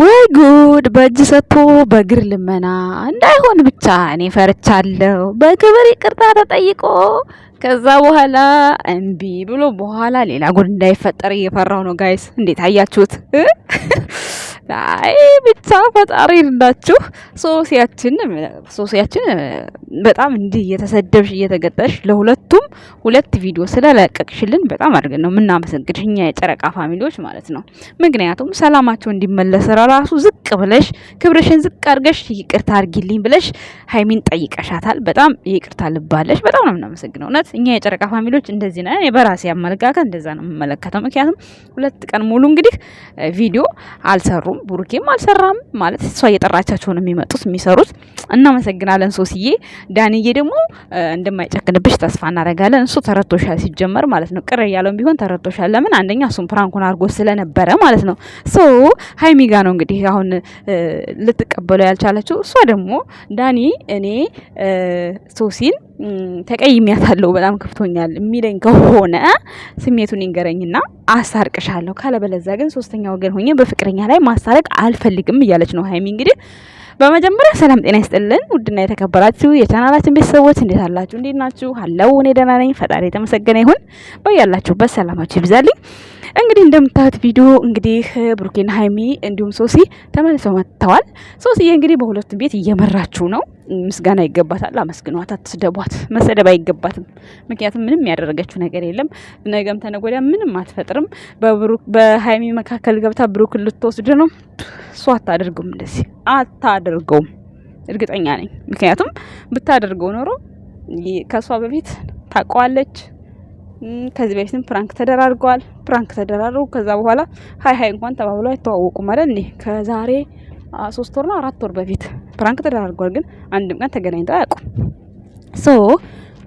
ወይ ጉድ! በእጅ ሰጥቶ በእግር ልመና እንዳይሆን ብቻ እኔ ፈርቻለሁ። በክብር ይቅርታ ተጠይቆ ከዛ በኋላ እምቢ ብሎ በኋላ ሌላ ጉድ እንዳይፈጠር እየፈራው ነው። ጋይስ እንዴት አያችሁት? አይ ብቻ ፈጣሪ ይርዳችሁ። ሶሲያችን ሶሲያችን በጣም እንዲህ እየተሰደብሽ እየተገጠሽ ለሁለቱም ሁለት ቪዲዮ ስለለቀቅሽልን በጣም አድርገን ነው የምናመሰግንሽ እኛ የጨረቃ ፋሚሊዎች ማለት ነው። ምክንያቱም ሰላማቸው እንዲመለስ ራሱ ዝቅ ብለሽ ክብርሽን ዝቅ አድርገሽ ይቅርታ አድርጊልኝ ብለሽ ሀይሚን ጠይቀሻታል። በጣም ይቅርታ ልባለሽ። በጣም ነው የምናመሰግነው። እውነት እኛ የጨረቃ ፋሚሊዎች እንደዚህ ነን። በራሴ አመለካከት እንደዛ ነው የምመለከተው። ምክንያቱም ሁለት ቀን ሙሉ እንግዲህ ቪዲዮ አልሰሩም ቡርኬም አልሰራም ማለት እሷ እየጠራቻቸው ነው የሚመጡት የሚሰሩት። እናመሰግናለን ሶስዬ። ዳንዬ ደግሞ እንደማይጨክንብሽ ተስፋ እናደርጋለን። እሱ ተረቶሻል ሲጀመር ማለት ነው። ቅር እያለውም ቢሆን ተረቶሻል። ለምን አንደኛ እሱም ፕራንኩን አድርጎ ስለነበረ ማለት ነው። ሶ ሀይሚ ጋ ነው እንግዲህ አሁን ልትቀበለው ያልቻለችው። እሷ ደግሞ ዳኒ እኔ ሶሲን ተቀይሜያታለሁ በጣም ከፍቶኛል የሚለኝ ከሆነ ስሜቱን ይንገረኝና አሳርቅሻለሁ ካለበለዛ ግን ሶስተኛ ወገን ሆኜ በፍቅረኛ ላይ ማሳ እንድታረግ አልፈልግም እያለች ነው ሀይሚ እንግዲህ በመጀመሪያ ሰላም ጤና ይስጥልን። ውድና የተከበራችሁ የቻናላችን ቤተሰቦች እንዴት አላችሁ? እንዴት ናችሁ? አለው እኔ ደህና ነኝ፣ ፈጣሪ የተመሰገነ ይሁን። በያላችሁበት ሰላማችሁ ይብዛልኝ። እንግዲህ እንደምታዩት ቪዲዮ እንግዲህ ብሩኬና ሀይሚ እንዲሁም ሶሲ ተመልሰው መጥተዋል። ሶሲዬ እንግዲህ በሁለቱም ቤት እየመራችሁ ነው ምስጋና ይገባታል። አመስግኗት፣ አትስደቧት። መሰደብ አይገባትም። ምክንያቱም ምንም ያደረገችው ነገር የለም። ነገም ተነጎዳ ምንም አትፈጥርም። በሀይሚ መካከል ገብታ ብሩክ ልትወስድ ነው። እሱ አታደርገውም፣ እንደዚህ አታደርገውም። እርግጠኛ ነኝ። ምክንያቱም ብታደርገው ኖሮ ከእሷ በፊት ታውቀዋለች። ከዚህ በፊትም ፕራንክ ተደራርገዋል። ፕራንክ ተደራርጉ፣ ከዛ በኋላ ሀይ ሀይ እንኳን ተባብለ አይተዋወቁ ማለት ከዛሬ ሶስት ወር ነው አራት ወር በፊት ፕራንክ ተደራርጓል፣ ግን አንድም ቀን ተገናኝተው አያውቁም። ሶ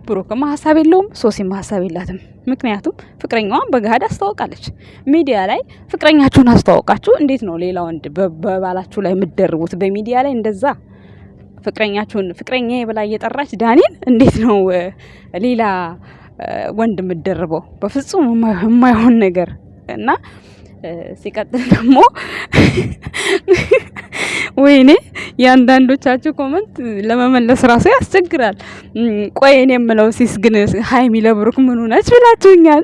ብሩክም ሀሳብ የለውም፣ ሶሲም ሀሳብ የላትም። ምክንያቱም ፍቅረኛዋን በገሃድ አስተዋውቃለች። ሚዲያ ላይ ፍቅረኛችሁን አስተዋውቃችሁ እንዴት ነው ሌላ ወንድ በባላችሁ ላይ የምትደርቡት? በሚዲያ ላይ እንደዛ ፍቅረኛችሁን ፍቅረኛ ብላ እየጠራች ዳኒን እንዴት ነው ሌላ ወንድ የምትደርበው? በፍጹም የማይሆን ነገር እና ሲቀጥል ደግሞ ወይኔ የአንዳንዶቻችሁ ኮመንት ለመመለስ ራሱ ያስቸግራል። ቆይ እኔ የምለው ሲስ ግን ሀይሚ ለብሩክ ምኑ ነች ብላችሁኛል።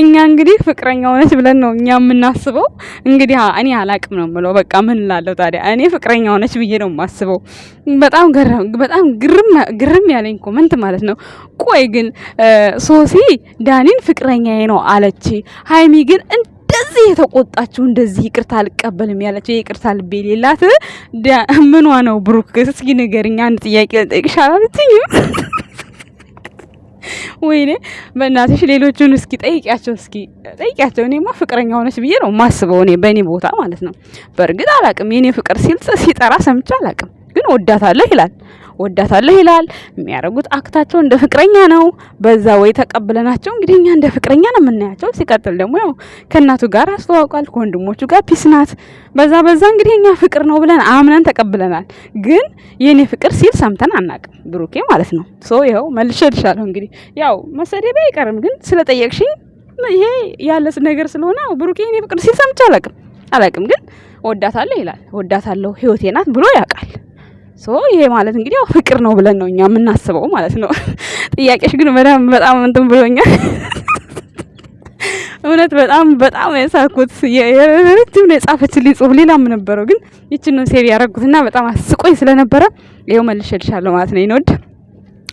እኛ እንግዲህ ፍቅረኛ ሆነች ብለን ነው እኛ የምናስበው። እንግዲህ እኔ አላቅም ነው የምለው። በቃ ምን ላለው ታዲያ እኔ ፍቅረኛ ሆነች ብዬ ነው የማስበው። በጣም በጣም ግርም ያለኝ ኮመንት ማለት ነው። ቆይ ግን ሶሲ ዳኒን ፍቅረኛዬ ነው አለች፣ ሀይሚ ግን እንደዚህ የተቆጣችሁ እንደዚህ ይቅርታ አልቀበልም ያለችው ይቅርታ ልቤ ሌላት ምኗ ነው? ብሩክ እስኪ ንገሪኝ፣ አንድ ጥያቄ ልጠይቅሽ አላለችኝም? ወይኔ በእናትሽ ሌሎቹን እስኪ ጠይቂያቸው፣ እስኪ ጠይቂያቸው። እኔማ ፍቅረኛ ሆነች ብዬ ነው ማስበው፣ እኔ በእኔ ቦታ ማለት ነው። በእርግጥ አላቅም፣ የእኔ ፍቅር ሲል ሲጠራ ሰምቼ አላቅም፣ ግን ወዳታለሁ ይላል ወዳታለሁ ይላል። የሚያደርጉት አክታቸው እንደ ፍቅረኛ ነው። በዛ ወይ ተቀብለናቸው እንግዲህ እኛ እንደ ፍቅረኛ ነው የምናያቸው። ሲቀጥል ደግሞ ያው ከእናቱ ጋር አስተዋውቋል፣ ከወንድሞቹ ጋር ፒስ ናት። በዛ በዛ እንግዲህ እኛ ፍቅር ነው ብለን አምነን ተቀብለናል። ግን የኔ ፍቅር ሲል ሰምተን አናቅም ብሩኬ ማለት ነው። ሶ ይኸው መልሼልሻለሁ። እንግዲህ ያው መሰደቤ አይቀርም፣ ግን ስለጠየቅሽኝ ይሄ ያለ ነገር ስለሆነ ብሩኬ የኔ ፍቅር ሲል ሰምቼ አላቅም አላቅም ግን ወዳታለሁ ይላል። ወዳታለሁ ህይወቴ ናት ብሎ ያውቃል። ሶ ይሄ ማለት እንግዲህ ያው ፍቅር ነው ብለን ነው እኛ የምናስበው ማለት ነው። ጥያቄሽ ግን በጣም በጣም እንትን ብሎኛል። እውነት በጣም በጣም የሳኩት ረጅም ነው የጻፈችልኝ ጽሁፍ፣ ሌላም ነበረው ግን ይችን ነው ሴብ ያደረጉትና በጣም አስቆኝ ስለነበረ ይው መልሸልሻለሁ ማለት ነው። ይንወድ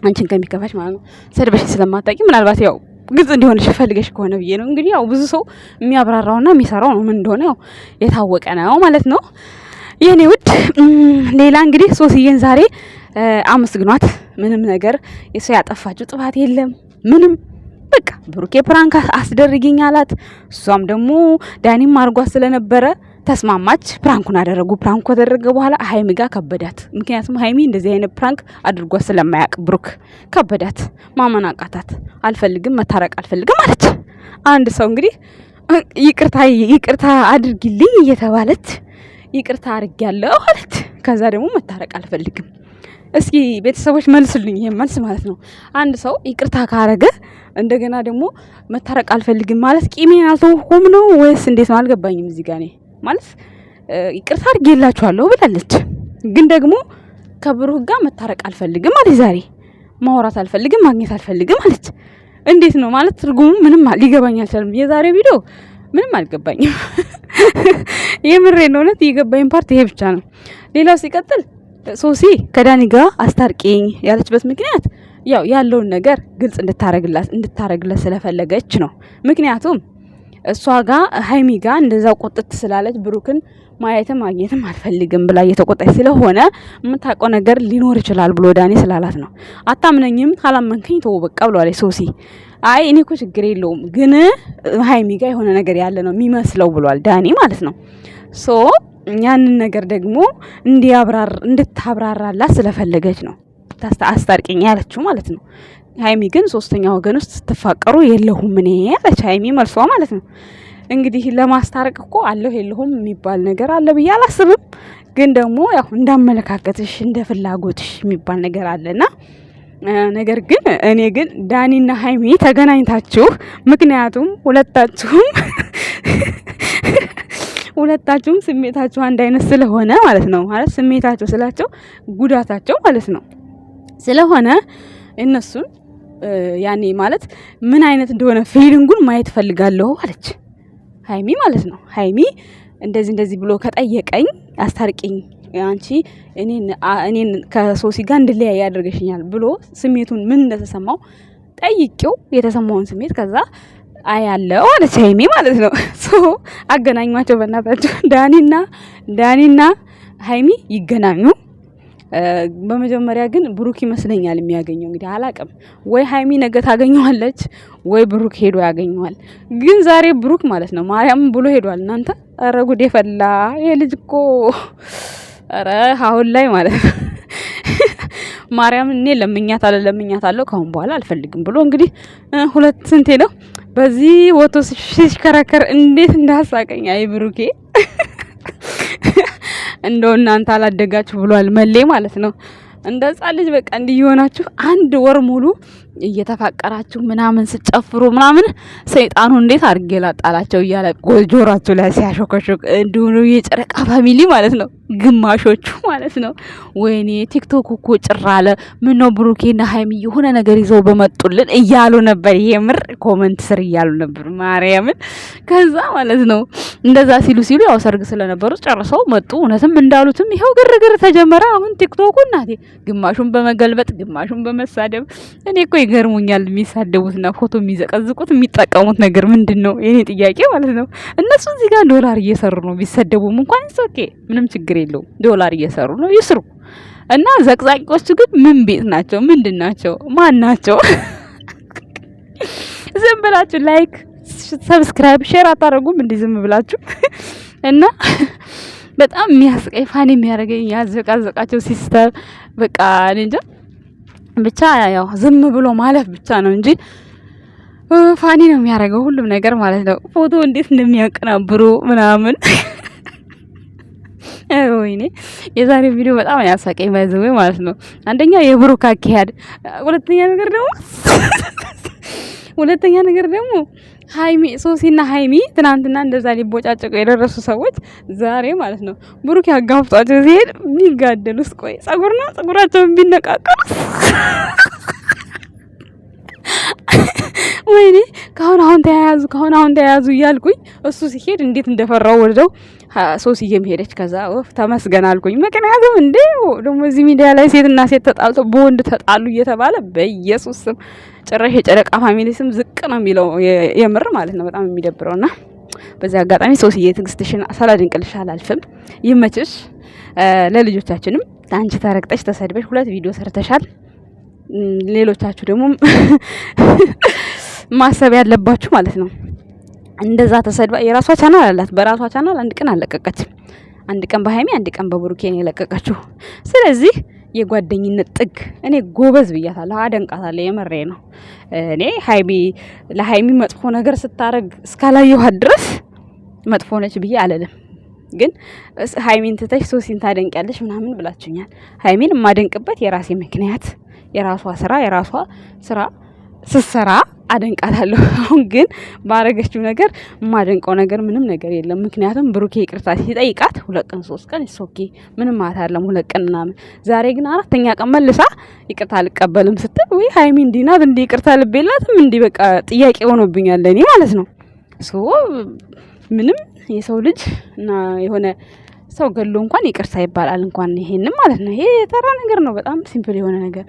አንቺን ከሚከፋሽ ማለት ነው ሰድበሽ ስለማታውቂ ምናልባት ያው ግልጽ እንዲሆንሽ ፈልገሽ ከሆነ ብዬ ነው። እንግዲህ ያው ብዙ ሰው የሚያብራራውና የሚሰራው ነው ምን እንደሆነ ያው የታወቀ ነው ማለት ነው። የኔ ውድ ሌላ እንግዲህ ሶስዬን ዛሬ አመስግኗት። ምንም ነገር የሷ ያጠፋችው ጥፋት የለም ምንም በቃ ብሩኬ ፕራንክ አስደርጊኝ አላት። እሷም ደግሞ ዳኒም አርጓ ስለነበረ ተስማማች። ፕራንኩን አደረጉ። ፕራንኩ ከተደረገ በኋላ ሀይሚ ጋር ከበዳት። ምክንያቱም ሀይሚ እንደዚህ አይነት ፕራንክ አድርጓ ስለማያውቅ ብሩክ ከበዳት፣ ማመን አቃታት። አልፈልግም፣ መታረቅ አልፈልግም አለች። አንድ ሰው እንግዲህ ይቅርታ ይቅርታ አድርጊልኝ እየተባለች ይቅርታ አድርጌያለሁ አለት። ከዛ ደግሞ መታረቅ አልፈልግም። እስኪ ቤተሰቦች መልሱልኝ፣ ይሄን መልስ ማለት ነው። አንድ ሰው ይቅርታ ካረገ እንደገና ደግሞ መታረቅ አልፈልግም ማለት ቂሜን አልተወኩም ነው ወይስ እንዴት ነው? አልገባኝም። እዚህ ጋር እኔ ማለት ይቅርታ አድርጌላችኋለሁ ብላለች፣ ግን ደግሞ ከብሩህ ጋር መታረቅ አልፈልግም አለች። ዛሬ ማውራት አልፈልግም ማግኘት አልፈልግም አለች። እንዴት ነው ማለት ትርጉሙ ምንም ሊገባኝ አልቻለም። የዛሬ ቪዲዮ ምንም አልገባኝም። ነው። እውነት የገባኝ ፓርት ይሄ ብቻ ነው። ሌላው ሲቀጥል ሶሲ ከዳኒ ጋር አስታርቂኝ ያለችበት ምክንያት ያው ያለውን ነገር ግልጽ እንድታረግላት እንድታረግለት ስለፈለገች ነው። ምክንያቱም እሷ ጋር ሀይሚ ጋር እንደዛው ቁጥት ስላለች ብሩክን ማየትም ማግኘትም አልፈልግም ብላ እየተቆጣች ስለሆነ የምታውቀው ነገር ሊኖር ይችላል ብሎ ዳኔ ስላላት ነው። አታምነኝም፣ ካላመንከኝ ተው በቃ ብለዋለች ሶሲ። አይ እኔ እኮ ችግር የለውም ግን ሀይሚ ጋ የሆነ ነገር ያለ ነው የሚመስለው ብሏል ዳኔ ማለት ነው። ሶ ያንን ነገር ደግሞ እንድታብራራላት ስለፈለገች ነው አስታርቂኝ ያለችው ማለት ነው። ሀይሚ ግን ሶስተኛ ወገን ውስጥ ስትፋቀሩ የለሁም እኔ ያለች ሀይሚ መልሷ ማለት ነው። እንግዲህ ለማስታረቅ እኮ አለሁ የለሁም የሚባል ነገር አለ ብዬ አላስብም። ግን ደግሞ ያው እንዳመለካከትሽ እንደ ፍላጎትሽ የሚባል ነገር አለና ነገር ግን እኔ ግን ዳኒና ሀይሚ ተገናኝታችሁ ምክንያቱም ሁለታችሁም ሁለታችሁም ስሜታችሁ አንድ አይነት ስለሆነ ማለት ነው። ማለት ስሜታቸው ስላቸው ጉዳታቸው ማለት ነው ስለሆነ እነሱን ያኔ ማለት ምን አይነት እንደሆነ ፊሊንጉን ማየት ፈልጋለሁ አለች። ሀይሚ ማለት ነው። ሀይሚ እንደዚህ እንደዚህ ብሎ ከጠየቀኝ አስታርቂኝ፣ አንቺ እኔን ከሶሲ ጋር እንድለያይ ያደርገሽኛል ብሎ ስሜቱን ምን እንደተሰማው ጠይቄው የተሰማውን ስሜት ከዛ አያለው ማለት ሀይሚ ማለት ነው። አገናኟቸው በእናታቸው ዳኒና ዳኒና ሀይሚ ይገናኙ። በመጀመሪያ ግን ብሩክ ይመስለኛል የሚያገኘው። እንግዲህ አላቅም ወይ ሀይሚ ነገ ታገኘዋለች ወይ ብሩክ ሄዶ ያገኘዋል። ግን ዛሬ ብሩክ ማለት ነው ማርያም ብሎ ሄዷል። እናንተ ኧረ ጉዴ ፈላ። ይሄ ልጅ እኮ ኧረ አሁን ላይ ማለት ነው ማርያም እኔ ለምኛት አለ ለምኛት አለው ከአሁን በኋላ አልፈልግም ብሎ እንግዲህ ሁለት ስንቴ ነው በዚህ ወቶ ሲሽከረከር እንዴት እንዳሳቀኝ። አይ ብሩኬ እንደው እናንተ አላደጋችሁ ብሏል መሌ ማለት ነው። እንደ ህጻን ልጅ በቃ እንዲህ የሆናችሁ አንድ ወር ሙሉ እየተፋቀራችሁ ምናምን ስጨፍሩ ምናምን ሰይጣኑ እንዴት አድርጌ ላጣላቸው እያለ ጆሯችሁ ላይ ሲያሾከሾክ እንዲሆኑ የጨረቃ ፋሚሊ ማለት ነው፣ ግማሾቹ ማለት ነው። ወይኔ ቲክቶክ እኮ ጭራ አለ። ምነው ብሩኬና ሀይሚ የሆነ ነገር ይዘው በመጡልን እያሉ ነበር። ይሄ ምር ኮመንት ስር እያሉ ነበር ማርያምን። ከዛ ማለት ነው እንደዛ ሲሉ ሲሉ ያው ሰርግ ስለነበሩ ጨርሰው መጡ። እውነትም እንዳሉትም ይኸው ግርግር ተጀመረ። አሁን ቲክቶኩ እናቴ ግማሹን በመገልበጥ ግማሹን በመሳደብ እኔ እኮ ይገርሙኛል። የሚሳደቡትና ፎቶ የሚዘቀዝቁት የሚጠቀሙት ነገር ምንድን ነው? የኔ ጥያቄ ማለት ነው። እነሱ እዚህ ጋር ዶላር እየሰሩ ነው። ቢሰደቡም እንኳን ኦኬ፣ ምንም ችግር የለው? ዶላር እየሰሩ ነው፣ ይስሩ። እና ዘቅዛቂዎቹ ግን ምን ቤት ናቸው? ምንድን ናቸው? ማን ናቸው? ዝም ብላችሁ ላይክ፣ ሰብስክራይብ፣ ሼር አታደርጉም? እንዲህ ዝም ብላችሁ እና በጣም የሚያስቀይ ፋን የሚያደርገኝ ያዘቃዘቃቸው ሲስተር በቃ እኔ እንጃ ብቻ ያው ዝም ብሎ ማለፍ ብቻ ነው እንጂ ፋኒ ነው የሚያደርገው ሁሉም ነገር ማለት ነው። ፎቶ እንዴት እንደሚያቀናብሩ ምናምን ወይኔ የዛሬ ቪዲዮ በጣም ያሳቀኝ ባይዘወይ ማለት ነው። አንደኛ የብሩክ አካሄድ፣ ሁለተኛ ነገር ደግሞ ሁለተኛ ነገር ደግሞ ሀይሚ ሶሲና ሀይሚ ትናንትና እንደዛ ሊቦጫጨቁ የደረሱ ሰዎች ዛሬ ማለት ነው ብሩክ ያጋፍጧቸው ሲሄድ የሚጋደሉስ ቆይ ጸጉርና ጸጉራቸውን ቢነቃቀሉ ወይኔ ካሁን አሁን ተያያዙ ካሁን አሁን ተያያዙ እያልኩኝ እሱ ሲሄድ እንዴት እንደፈራው ወርደው ሶስዬም ሄደች። ከዛ ወፍ ተመስገን አልኩኝ። ምክንያቱም እንዴ ደግሞ እዚህ ሚዲያ ላይ ሴትና ሴት ተጣልቶ በወንድ ተጣሉ እየተባለ በኢየሱስ ስም ጭራሽ የጨረቃ ፋሚሊ ስም ዝቅ ነው የሚለው የምር ማለት ነው። በጣም ና በዚህ አጋጣሚ ሶስዬ ትዕግስትሽን ሳላደንቅልሽ አላልፍም። ይመችሽ። ለልጆቻችንም አንቺ ተረግጠሽ ተሰድበሽ ሁለት ቪዲዮ ሰርተሻል። ሌሎቻችሁ ደግሞ ማሰብ ያለባችሁ ማለት ነው እንደዛ ተሰድባ የራሷ ቻናል አላት። በራሷ ቻናል አንድ ቀን አለቀቀች። አንድ ቀን በሀይሜ አንድ ቀን በብሩኬን የለቀቀችው። ስለዚህ የጓደኝነት ጥግ እኔ ጎበዝ ብያታለሁ፣ አደንቃታለሁ። የመሬ ነው። እኔ ሀይሚ ለሀይሚ መጥፎ ነገር ስታረግ እስካላየኋት ድረስ መጥፎ ነች ብዬ አልልም። ግን ሀይሚን ትተሽ ሶሲን ታደንቂያለሽ ምናምን ብላችሁኛል። ሀይሚን የማደንቅበት የራሴ ምክንያት የራሷ ስራ የራሷ ስራ ስትሰራ አደንቃታለሁ። አሁን ግን ባረገችው ነገር የማደንቀው ነገር ምንም ነገር የለም። ምክንያቱም ብሩኬ ይቅርታ ሲጠይቃት ሁለት ቀን ሶስት ቀን ሶኬ ምንም ማለት አለም ሁለት ቀን ምናምን፣ ዛሬ ግን አራተኛ ቀን መልሳ ይቅርታ አልቀበልም ስትል ወይ ሀይሚ እንዲናት እንዲ ይቅርታ ልብ የላትም እንዲህ በቃ ጥያቄ ሆኖብኛል እኔ ማለት ነው። ሶ ምንም የሰው ልጅ እና የሆነ ሰው ገሎ እንኳን ይቅርታ ይባላል። እንኳን ይሄንም ማለት ነው። ይሄ የተራ ነገር ነው። በጣም ሲምፕል የሆነ ነገር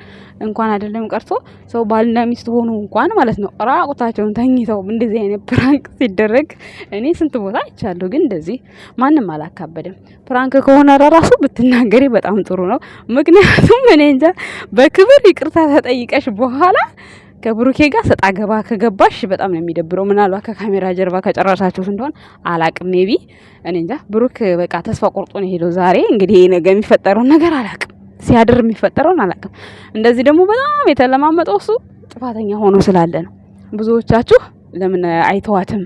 እንኳን አይደለም ቀርቶ ሰው ባልና ሚስት ሆኑ እንኳን ማለት ነው ራቁታቸውን ተኝተው እንደዚህ አይነት ፕራንክ ሲደረግ እኔ ስንት ቦታ አይቻለሁ። ግን እንደዚህ ማንም አላካበደም። ፕራንክ ከሆነ ራሱ ብትናገሪ በጣም ጥሩ ነው። ምክንያቱም እኔ እንጃ በክብር ይቅርታ ተጠይቀሽ በኋላ ከብሩኬ ጋር ሰጣ ገባ ከገባሽ በጣም ነው የሚደብረው። ምናልባት ከካሜራ ጀርባ ከጨረሳችሁት እንደሆን አላቅም። ሜቢ እኔ እንጃ። ብሩክ በቃ ተስፋ ቆርጦ ነው የሄደው። ዛሬ እንግዲህ ይሄ ነገ የሚፈጠረውን ነገር አላቅም፣ ሲያድር የሚፈጠረውን አላቅም። እንደዚህ ደግሞ በጣም የተለማመጠው እሱ ጥፋተኛ ሆኖ ስላለ ነው። ብዙዎቻችሁ ለምን አይተዋትም፣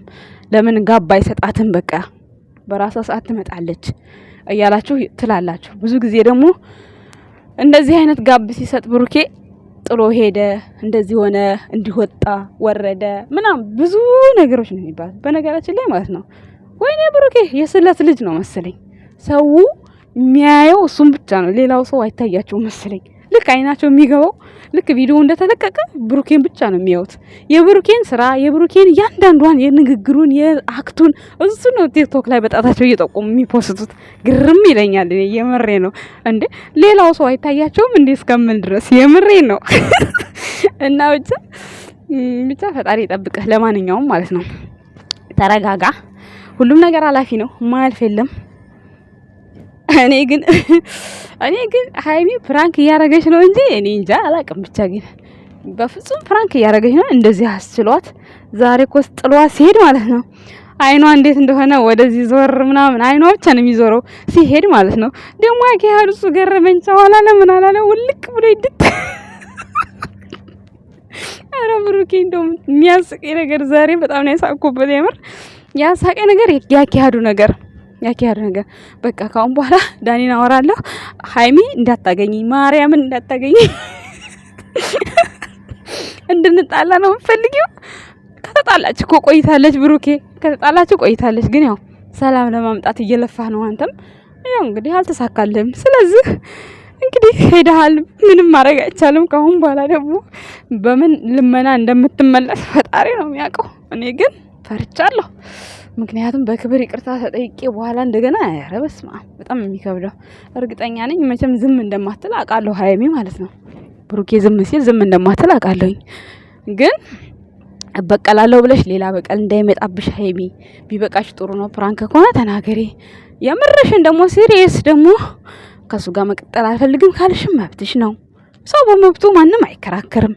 ለምን ጋባ አይሰጣትም፣ በቃ በራሷ ሰዓት ትመጣለች እያላችሁ ትላላችሁ። ብዙ ጊዜ ደግሞ እንደዚህ አይነት ጋብ ሲሰጥ ብሩኬ ጥሎ ሄደ፣ እንደዚህ ሆነ፣ እንዲወጣ ወረደ፣ ምናምን ብዙ ነገሮች ነው የሚባል በነገራችን ላይ ማለት ነው። ወይኔ ብሩኬ የስለት ልጅ ነው መሰለኝ። ሰው የሚያየው እሱም ብቻ ነው፣ ሌላው ሰው አይታያቸው መሰለኝ። ልክ አይናቸው የሚገባው ልክ ቪዲዮ እንደተለቀቀ ብሩኬን ብቻ ነው የሚያዩት። የብሩኬን ስራ የብሩኬን እያንዳንዷን የንግግሩን የአክቱን እሱ ነው ቲክቶክ ላይ በጣታቸው እየጠቆሙ የሚፖስቱት። ግርም ይለኛል። የምሬ ነው እንዴ ሌላው ሰው አይታያቸውም እንዴ እስከምል ድረስ የምሬ ነው እና ብቻ ብቻ ፈጣሪ ይጠብቅህ። ለማንኛውም ማለት ነው ተረጋጋ። ሁሉም ነገር ኃላፊ ነው፣ ማያልፍ የለም። እኔ ግን እኔ ግን ሀይሚ ፕራንክ እያረገች ነው እንጂ እኔ እንጃ አላቅም። ብቻ ግን በፍጹም ፕራንክ እያረገች ነው። እንደዚህ አስችሏት ዛሬ ኮስ ጥሏ ሲሄድ ማለት ነው አይኗ እንዴት እንደሆነ ወደዚህ ዞር ምናምን አይኗ ብቻ ነው የሚዞረው ሲሄድ ማለት ነው። ደግሞ ያካሄዱ እሱ ገረመኝ። ቻው አላለ ምን አላለ ውልቅ ብሎ ይድት። ኧረ ብሩኬ እንደው የሚያስቀኝ ነገር ዛሬ በጣም ነው ያሳቅኩበት። የምር ያሳቀኝ ነገር ያኪያዱ ነገር ያኪያር ነገር በቃ ካሁን በኋላ ዳኒን አወራለሁ። ሀይሚ እንዳታገኝ ማርያምን እንዳታገኝ እንድንጣላ ነው የምፈልጊው። ከተጣላች እኮ ቆይታለች፣ ብሩኬ ከተጣላች ቆይታለች። ግን ያው ሰላም ለማምጣት እየለፋ ነው አንተም። ያው እንግዲህ አልተሳካልህም። ስለዚህ እንግዲህ ሄደሃል፣ ምንም ማድረግ አይቻልም። ከአሁን በኋላ ደግሞ በምን ልመና እንደምትመለስ ፈጣሪ ነው የሚያውቀው። እኔ ግን ፈርቻለሁ። ምክንያቱም በክብር ይቅርታ ተጠይቄ በኋላ እንደገና ኧረ በስመ አብ በጣም የሚከብደው። እርግጠኛ ነኝ መቼም ዝም እንደማትል አውቃለሁ ሀይሚ ማለት ነው። ብሩኬ ዝም ሲል ዝም እንደማትል አውቃለሁኝ ግን እበቀላለሁ ብለሽ ሌላ በቀል እንዳይመጣብሽ ሀይሚ ቢበቃሽ ጥሩ ነው። ፕራንክ ከሆነ ተናገሪ። የምረሽን ደግሞ ሲሪየስ ደግሞ ከሱ ጋር መቀጠል አልፈልግም ካልሽም መብትሽ ነው። ሰው በመብቱ ማንም አይከራከርም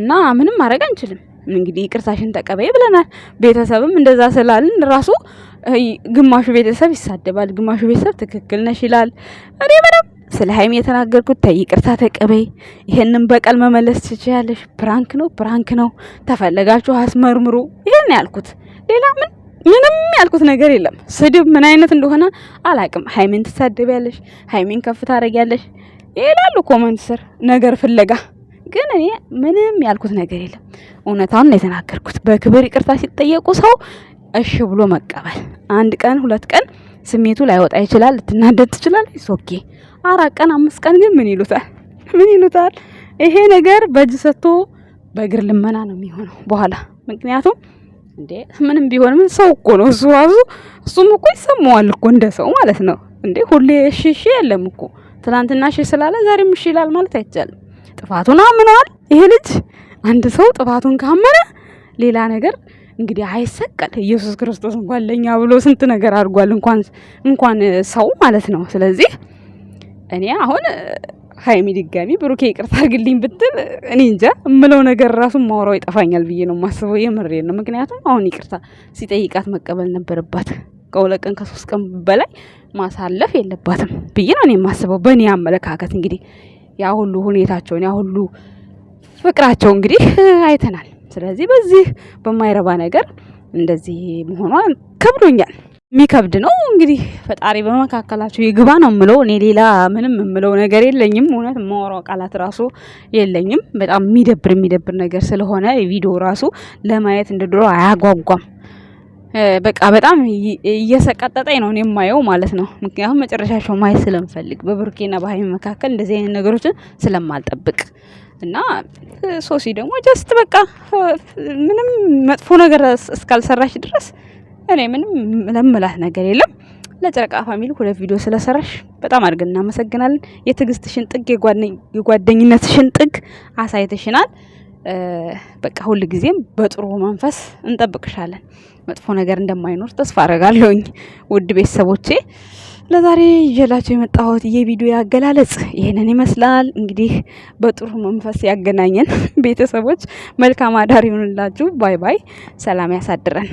እና ምንም ማድረግ አንችልም። እንግዲህ ይቅርታሽን ተቀበይ ብለናል። ቤተሰብም እንደዛ ስላልን ራሱ ግማሹ ቤተሰብ ይሳደባል፣ ግማሹ ቤተሰብ ትክክል ነሽ ይላል። እኔ ምንም ስለ ሀይሚ የተናገርኩት ተይ ይቅርታ ተቀበይ፣ ይሄንን በቀል መመለስ ትችያለሽ፣ ፕራንክ ነው ፕራንክ ነው፣ ተፈለጋችሁ አስመርምሩ። ይሄን ያልኩት ሌላ ምን ምንም ያልኩት ነገር የለም። ስድብ ምን አይነት እንደሆነ አላቅም። ሀይሚን ትሳደቢያለሽ፣ ሀይሚን ከፍ ታደርጊያለሽ ይላሉ ኮመንት ስር ነገር ፍለጋ ግን እኔ ምንም ያልኩት ነገር የለም። እውነታውን ነው የተናገርኩት። በክብር ይቅርታ ሲጠየቁ ሰው እሺ ብሎ መቀበል። አንድ ቀን ሁለት ቀን ስሜቱ ላይወጣ ይችላል፣ ልትናደድ ትችላል። ሶኬ አራት ቀን አምስት ቀን ግን ምን ይሉታል? ምን ይሉታል? ይሄ ነገር በእጅ ሰጥቶ በእግር ልመና ነው የሚሆነው በኋላ። ምክንያቱም እንዴ ምንም ቢሆን ምን ሰው እኮ ነው እሱ ራሱ እሱም እኮ ይሰማዋል እኮ እንደ ሰው ማለት ነው እንዴ። ሁሌ እሺ እሺ የለም እኮ ትናንትና እሺ ስላለ ዛሬም እሺ ይላል ማለት አይቻልም። ጥፋቱን አምኗል። ይሄ ልጅ አንድ ሰው ጥፋቱን ካመነ ሌላ ነገር እንግዲህ አይሰቀል። ኢየሱስ ክርስቶስ እንኳን ለእኛ ብሎ ስንት ነገር አድርጓል፣ እንኳን እንኳን ሰው ማለት ነው። ስለዚህ እኔ አሁን ሀይሚ ድጋሚ ብሩኬ ይቅርታ አድርግልኝ ብትል እኔ እንጃ እምለው ነገር ራሱ ማውራው ይጠፋኛል ብዬ ነው የማስበው። የምሬ ነው። ምክንያቱም አሁን ይቅርታ ሲጠይቃት መቀበል ነበረባት። ከሁለት ቀን ከሶስት ቀን በላይ ማሳለፍ የለባትም ብዬ ነው እኔ የማስበው፣ በእኔ አመለካከት እንግዲህ ያ ሁሉ ሁኔታቸውን ያ ሁሉ ፍቅራቸው እንግዲህ አይተናል። ስለዚህ በዚህ በማይረባ ነገር እንደዚህ መሆኗ ከብዶኛል። የሚከብድ ነው እንግዲህ ፈጣሪ በመካከላቸው ይግባ ነው የምለው። እኔ ሌላ ምንም የምለው ነገር የለኝም። እውነት የማወራው ቃላት ራሱ የለኝም። በጣም የሚደብር የሚደብር ነገር ስለሆነ ቪዲዮ ራሱ ለማየት እንደ ድሮ አያጓጓም። በቃ በጣም እየሰቀጠጠኝ ነው እኔ የማየው ማለት ነው። ምክንያቱም መጨረሻቸው ማየት ስለምፈልግ በብሩኬና በሀይሚ መካከል እንደዚህ አይነት ነገሮችን ስለማልጠብቅ እና ሶሲ ደግሞ ጀስት በቃ ምንም መጥፎ ነገር እስካልሰራሽ ድረስ እኔ ምንም ለምላት ነገር የለም። ለጨረቃ ፋሚሊ ሁለት ቪዲዮ ስለሰራሽ በጣም አድርገን እናመሰግናለን። የትዕግስትሽን ጥግ የጓደኝነትሽን ጥግ አሳይተሽናል። በቃ ሁል ጊዜም በጥሩ መንፈስ እንጠብቅሻለን። መጥፎ ነገር እንደማይኖር ተስፋ አረጋለሁኝ። ውድ ቤተሰቦቼ ለዛሬ ይዤላችሁ የመጣሁት የቪዲዮ ያገላለጽ ይህንን ይመስላል። እንግዲህ በጥሩ መንፈስ ያገናኘን ቤተሰቦች መልካም አዳር ይሁንላችሁ። ባይ ባይ። ሰላም ያሳድረን።